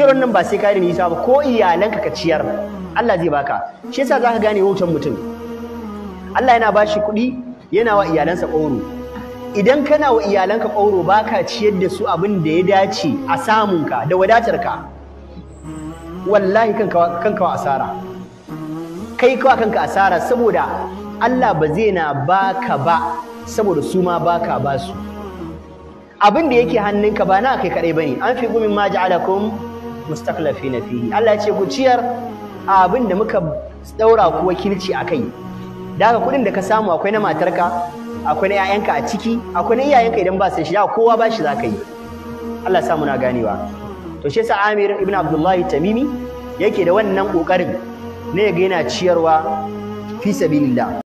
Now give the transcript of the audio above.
ciyarwar nan ba sai ka yi nisa ba ko iyalanka ka ciyar Allah zai baka shi yasa zaka gane wautan mutum Allah yana bashi kuɗi yana wa iyalansa ƙoro idan kana wa iyalanka ƙoro baka ciyar da su abin da ya dace a samun ka da wadatar ka. wallahi kanka wa asara kai kawa kanka asara saboda Allah ba zai na baka ba saboda su ma baka ba su abin da yake hannunka ba na kai kadai bane an fi gumin ma ja'alakum mustaklafi na fihi Allah ya ce ku ciyar abin da muka daura ku wakilci a kai daga kuɗin da ka samu akwai na matarka akwai na 'ya'yanka a ciki akwai na iyayenka idan ba sai shi kowa ba shi za ka yi Allah samu na ganewa to shi yasa Amir ibn Abdullahi Tamimi yake da wannan kokarin ne ga yana ciyarwa fi sabilillah